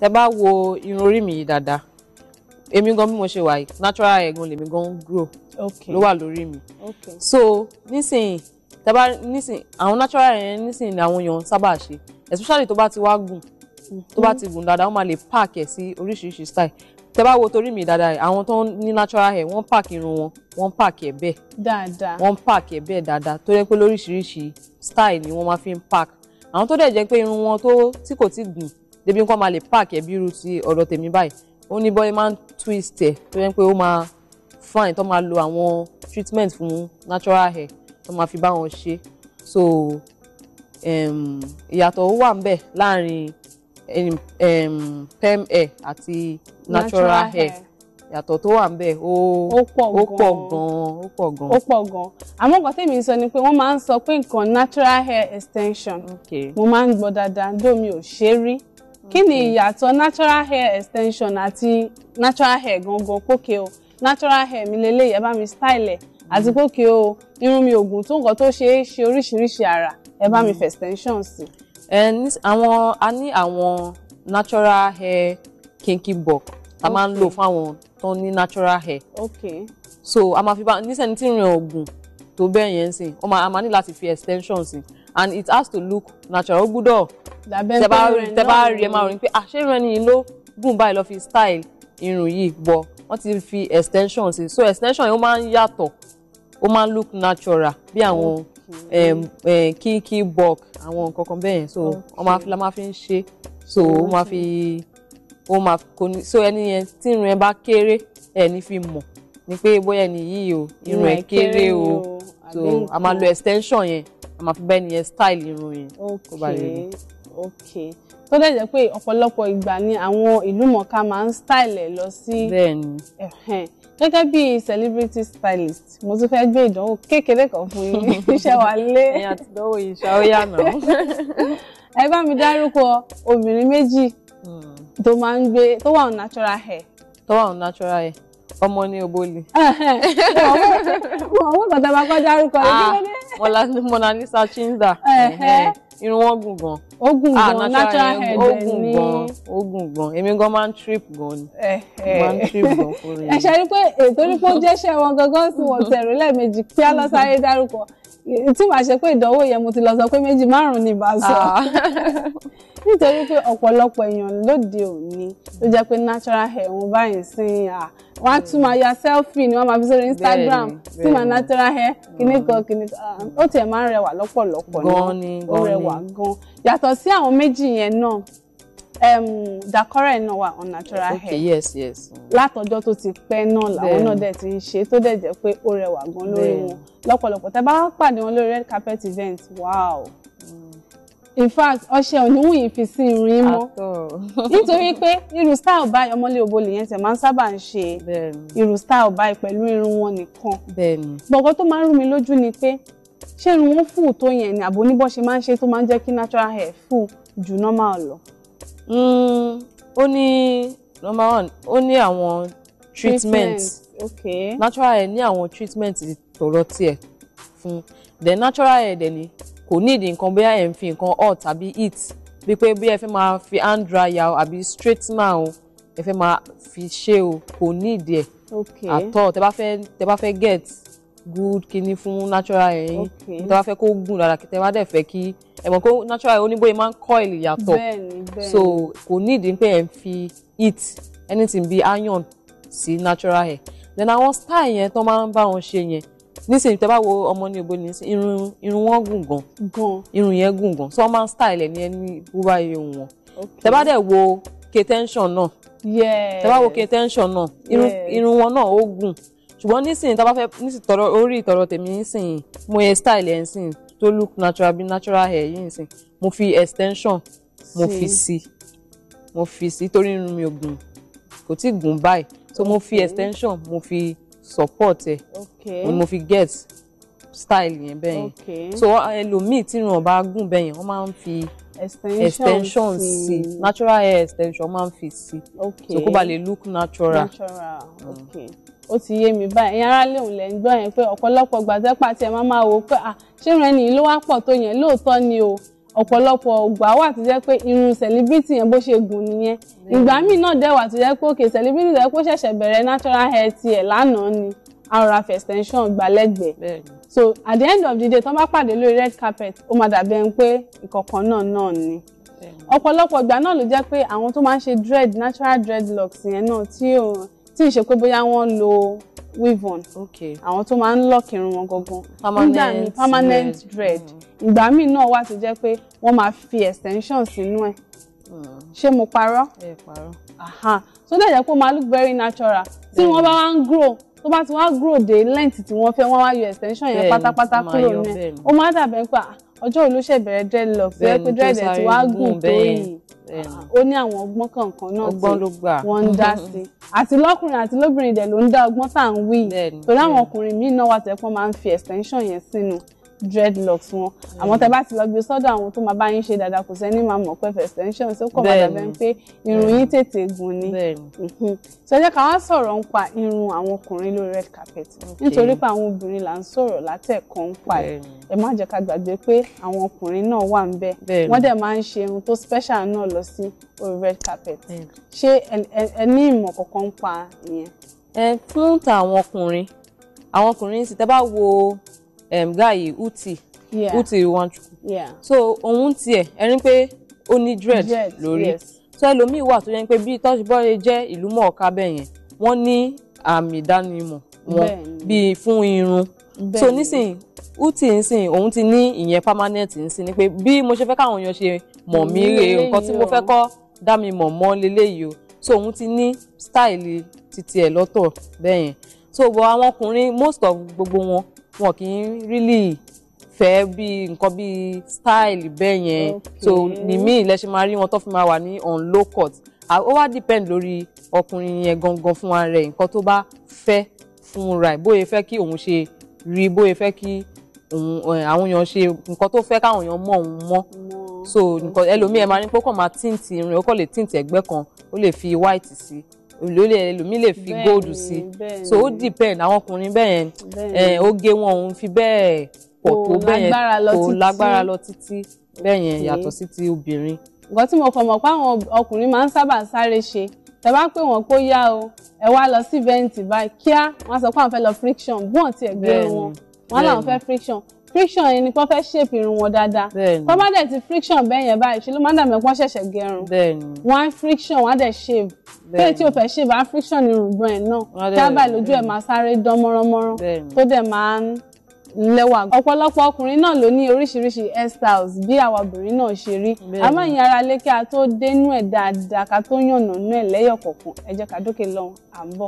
tẹ bá wo irun orí mi yìí dáadáa èmi gan bí mo ṣe wà yìí natural hair gan lèmi gan grow ló wà lórí mi so nísìnyí tẹ bá nísìnyí àwọn natural hair nísìnyí ni àwọn èèyàn sábà ṣe especially tó bá ti wá gùn tó bá ti gùn dáadáa wọ́n máa lè park ẹ̀ sí oríṣiríṣi style tẹ bá wo torí mi dáadáa àwọn tó ní natural hair wọ́n park irun wọn wọ́n park ẹ̀ bẹ́ẹ̀ dáadáa wọ́n park ẹ̀ bẹ́ẹ̀ dáadáa tó yẹ pé lóríṣiríṣi style ni wọ́n máa fi ń park àwọn tó dẹ̀ jẹ́ pé irun wọn tó tí kò ti gùn débi nǹkan máa lè páàkì ẹbí irú ti ọ̀rọ̀ tèmi báyìí ó ní bọ́lẹ̀ máa ń twist ẹ̀ tó yẹ pé ó máa fine tó máa lo àwọn treatment fún natural hair tó máa fi bá wọn ṣe so ìyàtọ̀ ó wà ń bẹ̀ láàrin perm hair àti natural, natural hair. hair yàtọ̀ tó wà nbẹ̀ ó pọ̀ gan-an ó pọ̀ gan-an. ó pọ̀ gan-an àmọ́ nǹkan tèmi sọ ni pé wọ́n máa ń sọ pé nǹkan natural hair extension mo máa ń gbọ́ dáadáa dó mi ò ṣe é rí kí ni ìyàtọ̀ natural hair extension àti natural hair gangan pókè o natural hair mi lélẹ́yìí ẹ bá mi style ẹ̀ àti pókè o irun mi ògùn tó nǹkan tó ṣe é ṣe oríṣiríṣi àrà ẹ bá mi hmm. fẹ̀ extension sí. ẹ ní àwọn a ní àwọn natural hair kinky bob a máa ń lò fún àwọn tó ní natural hair. okay. so a máa fi bá nísẹ̀ni tí ìrìn ògùn tó bẹ́ẹ̀ yẹn sìn ó a máa ní láti fi extension sí and it has to look natural ó gbúdọ̀ tẹ́bá rí ẹ máa rò ní pé àṣé ah, irun ẹni yìí ló gùn báyìí lọ fi style irun yìí bọ̀ wọ́n ti fi extension sí so extension yìí ó máa ń yàtọ̀ ó máa ń look natural bí àwọn kíkí bulk àwọn nǹkan kan bẹ́ẹ̀ so wọ́n máa fi la máa fi ń ṣe so ó máa fi ó máa kò ní so ẹni yẹn tí irun ẹ bá kéré ẹ ní fi mọ̀ ni pé bóyá ẹni yìí o irun ẹ kéré o so a máa lo extension yẹn a máa fi bẹ́ẹ̀ ni yẹn style irun yẹn ok tó dẹ̀ jẹ́ pé ọ̀pọ̀lọpọ̀ ìgbà ni àwọn ìlúmọ̀ọ́ká máa ń style lọ sí gẹ́gẹ́ bí celebrity stylist mo tún fẹ́ gbé ìdánwò kékeré kan fún yín iṣẹ́ wa lé ẹ̀yìn àtìdánwò ìṣà ó yànà. ẹ bá mi dárúkọ obìnrin méjì hmm. tó máa gbé tó wà natural hair. tó wà natural hair ọmọ ní oboli. tẹ́ bá kọ́ dárúkọ ah, irun wọn ogun ah, gan natural hair ogun gan ogun gan èmi gan máa ń trip gan ni máa ń trip gan fún mi. ẹ ṣe rí pé ètò onípò jẹ́ṣẹ́ wọn gangan sí wọn tẹ̀rù lẹ́ẹ̀mejì kí á lọ sáré dárúkọ tí màá ṣe pé ìdánwò yẹn mo ti lọ sọ pé méjì márùn-ún ni bá sọ ah. nítorí pé ọ̀pọ̀lọpọ̀ èèyàn lóde òní ló jẹ́ pé natural hair wọn báyìí sí à wọ́n á tún máa ya selfie ni wọ́n máa fi sórí Instagram tí màá natural hair kìíní mm. kan kìíní kan ó tiẹ̀ máa ń rẹwà lọ́pọ̀lọpọ̀ náà ó rẹwà gan-an yàtọ̀ sí àwọn méjì yẹn náà um, dakore náà wà on natural hair. okay yes yes. látọjọ́ tó ti pẹ́ náà làwọn náà dẹ̀ ti ń ṣe tó dẹ̀ jẹ́ pé ó rẹwà gan lórí wọn lọ́pọ̀lọpọ̀ tẹ́ bá pàdé wọn lórí red carpet event wow. Hmm. in fact ọṣẹ òníwùn yìí fi sí irin mọ́ nítorí pé irú style báyìí ọmọlé òbó lèyẹn tẹ̀ máa ń sábà ń ṣe irú style báyìí pẹ̀lú irun wọn nìkan. gbọ̀ngàn tó máa ń rú mi lójú ni pé ṣé irun wọn fù tó yẹn ni àbò oníbọ̀ ṣe máa ń ṣe tó máa ń jẹ́ kí natural hair fù ju normal lọ. Mm, ó ní number one ó ní àwọn treatment okay. natural hair ní àwọn treatment tọ̀rọ̀ tiẹ̀ fún then natural hair dẹ̀ ni kò ní ìdí nǹkan bóyá ẹ̀ ń fi nǹkan hot tàbí heat bíi pé bí ẹ fẹ́ máa fi hand dryer o àbí straightener o ẹ fẹ́ máa fi ṣe o kò ní ẹ̀ àtọ̀ tẹ tẹ bá fẹ́ get good kinní fun, natural hair Okay. kí tẹ bá fẹ́ gun, gùn dáadáa kí tẹ bá dẹ̀ fẹ́ kí ẹ mọ̀ kó natural hair oníbóyè máa ń coil yàtọ̀ so kò nídìí pé ẹ̀ ń fi heat anything bíi iron sí natural hair then àwọn style yẹn tó máa ń bá wọn ṣe yẹn nísìnyí tẹ bá wo ọmọ ní ògbó ní irun irun wọn gùn gan gan irun yẹn gùn gan so wọn máa ń style ẹ ní ẹni búba irun wọn tẹ bá dẹ̀ wo k-tension náà tẹ bá wo k-tension náà irun wọn náà ó gùn ṣùgbọ́n nísìnyí tá a bá fẹ́ nísìnyí tọrọ orí ìtọrọ tèmi nísìnyí mo yẹ style ẹ̀ nísìnyí tó look natural bí natural hair yìí nísìnyí mo fi extension mo fi si, mo fi si torí irun mi ò gùn kò tí gùn báyìí so mo fi extension mo fi support ẹ̀ mo fi get style yẹn bẹ́ẹ̀ yẹn so ẹlòmíì tí irun ọba gùn bẹ́ẹ̀ yẹn wọ́n máa ń fi extension si. natural hair extension máa ń fi si. so kó ba lè look natural. natural. Mm. Okay ó ti yé mi báyìí ẹ̀yin ará lèun lẹ̀ ń gbọ́ yẹn pé ọ̀pọ̀lọpọ̀ gbàtẹ́pà tí ẹ máa máa wò pé à ṣé ìrìn ẹni ló wá pọ̀ tó yẹn lóòótọ́ ni o ọ̀pọ̀lọpọ̀ ìgbà wà tó jẹ́ pé irun celebrity yẹn bó ṣe gùn nìyẹn ìgbà míì náà dẹ̀ tó jẹ́ pé òkè celebrity tó jẹ́ pé ó ṣẹ̀ṣẹ̀ bẹ̀rẹ̀ natural hair tiẹ̀ lánàá ni ara fẹ̀ extension so at the end of the day tó bá pàdé lórí red carpet ó máa dàbẹ̀ ń pé ìkọ̀kan náà náà ni ọ̀pọ̀lọpọ̀ ìgbà náà ló jẹ́ pé àwọn tó máa ń ṣe dread natural dreadlocks yẹn náà tí òun tí ì ṣe pé bóyá wọ́n lo weave on àwọn tó máa ń lock irun wọn gangan nígbà míì permanent dread hmm. ìgbà míì náà wà tó jẹ́ pé wọ́n máa fi extension sínú ẹ̀ hmm. ṣé mo parọ́ tó dẹ̀ jẹ́ pé ó máa look very natural tí wọ́n bá wá ń grow tó bá ti wá grow dé length tí wọ́n fẹ́ wọ́n wá yọ extension yẹn pátápátá kúrò ní ẹ̀ ó máa dàbẹ̀ pé ah, ọjọ́ olùṣèbẹ̀rẹ̀ dreadlock bẹ́ẹ̀ pé dreadlock ti wá gùn tó yìí ó ní àwọn ọgbọ́n kọ̀ọ̀kan náà tí wọ́n ń dá sí àti lọ́kùnrin àti lóbìnrin dẹ̀ ló ń dá ọgbọ́n tá à ń wí torí àwọn ọkùnrin míì náà wà tẹ́pọ́n máa ń fi extension yẹn sínú dreadlocks wọn àmọ́ tẹ mm. bá ti lọ gbé sọ́dọ̀ àwọn tó máa bá yín ṣe dáadáa kò sẹ́ni máa mọ̀ pé extension tó kọ̀ máa dàbẹ́ pé irun yín tètè gùn ni mhm. so jẹ́ ká wá sọ̀rọ̀ ń pa irun àwọn ọkùnrin lórí red carpet nítorí pé àwọn obìnrin là ń sọ̀rọ̀ látẹ̀kọ́ ń pa ẹ̀ ẹ má jẹ́ ká gbàgbé pé àwọn ọkùnrin náà wà ń bẹ̀ wọ́n dẹ̀ máa ń ṣe irun tó special náà lọ sí orí red carpet ṣé ẹ ní ìmọ̀ kọ̀ọ̀kan ń pa ìyẹn. ẹ fún tàwọn ọkùnrin àwọn ọkùnrin sì tẹ́ bá wo um, guy yìí uti yeah. uti iwanchukwu yeah. so òun tiẹ̀ ẹni pé ó ní dread lórí yes. so ẹlòmíì wà tó yẹ pé bí tọ́sibọ́ye jẹ́ ìlú mọ̀ọ́ká bẹ́ẹ̀ yẹn wọ́n ní àmì ìdánimọ̀ wọn bíi fún irun so nísìnyí uti nsìn òun ti ní ìyẹn permanent nsìn ni pé bí mo ṣe fẹ́ káwọn èèyàn ṣe mọ̀ mí rè nǹkan tí mo fẹ́ kọ́ dá mi mọ̀ mọ́ leléyìí o so òun ti ní style titi ẹ̀ lọ́tọ̀ bẹ́ẹ̀ yẹn so bọ̀ àwọn ọkùnrin most of gbogbo wọn wọn kì í really fẹ́ bí nǹkan bí style bẹ́ẹ̀ yẹn so ni mí ilẹ̀ ṣe máa rí wọn tó fi máa wà ní on low cut ó wá depend lórí ọkùnrin yẹn gangan fúnra rẹ̀ nǹkan tó bá fẹ́ fúnra ẹ̀ bóyá fẹ́ kí òun ṣe rí bóyá fẹ́ kí eh, àwọn èèyàn ṣe nǹkan tó fẹ́ káwọn èèyàn mọ̀ òun mọ́ so nǹkan ẹlòmíì ẹ máa ní pé ó kàn máa tíǹtì irun ó kàn lè tíǹtì ẹ̀gbẹ́ kan ó lè fi white sí i lórí ẹlòmíì lè fi góòdù sí so ó depend àwọn ọkùnrin bẹ́ẹ̀ yẹn oge wọn òun fi bẹ́ẹ̀ pọ̀ tó bẹ́ẹ̀ yẹn kò lágbára lọ títí bẹ́ẹ̀ yẹn yàtọ̀ sí ti obìnrin. nǹkan tí mo fọmọ pé àwọn ọkùnrin máa ń sábà sáré ṣe tẹ bá pè wọn kó yá o ẹ wá lọ sí vẹ́ǹtì báyìí kíá wọn sọ pé àwọn fẹ́ lọ friction bọ́ọ̀n ti ẹ̀gbẹ́ wọn wọn làwọn fẹ́ friction friction yẹn ni kò fẹ́ ṣèpì irun wọn dáadáa tó bá dẹ̀ ti friction bẹ́ẹ̀ yẹn báyìí ṣe ló máa ń dàbí ẹ̀kọ́ ṣẹ̀ṣẹ̀ gẹrun wọ́n á friction wọ́n á dẹ̀ shave bẹ́ẹ̀ tí o fẹ́ shave á friction irùngbọ̀n ẹ̀ náà dábàá lójú ẹ̀ máa sáré dán mọ́ránmọ́rán tó dẹ̀ máa ń lẹ́wà ọ̀pọ̀lọpọ̀ ọkùnrin náà ló ní oríṣiríṣi hairstyles bí àwa obìnrin náà ṣe rí àmọ́ ìyẹn ara lé kí a tó dénú ẹ̀ dáadáa ká tó yànnà náà lẹ́yọ̀ kọ̀ọ̀kan ẹ jẹ́ ká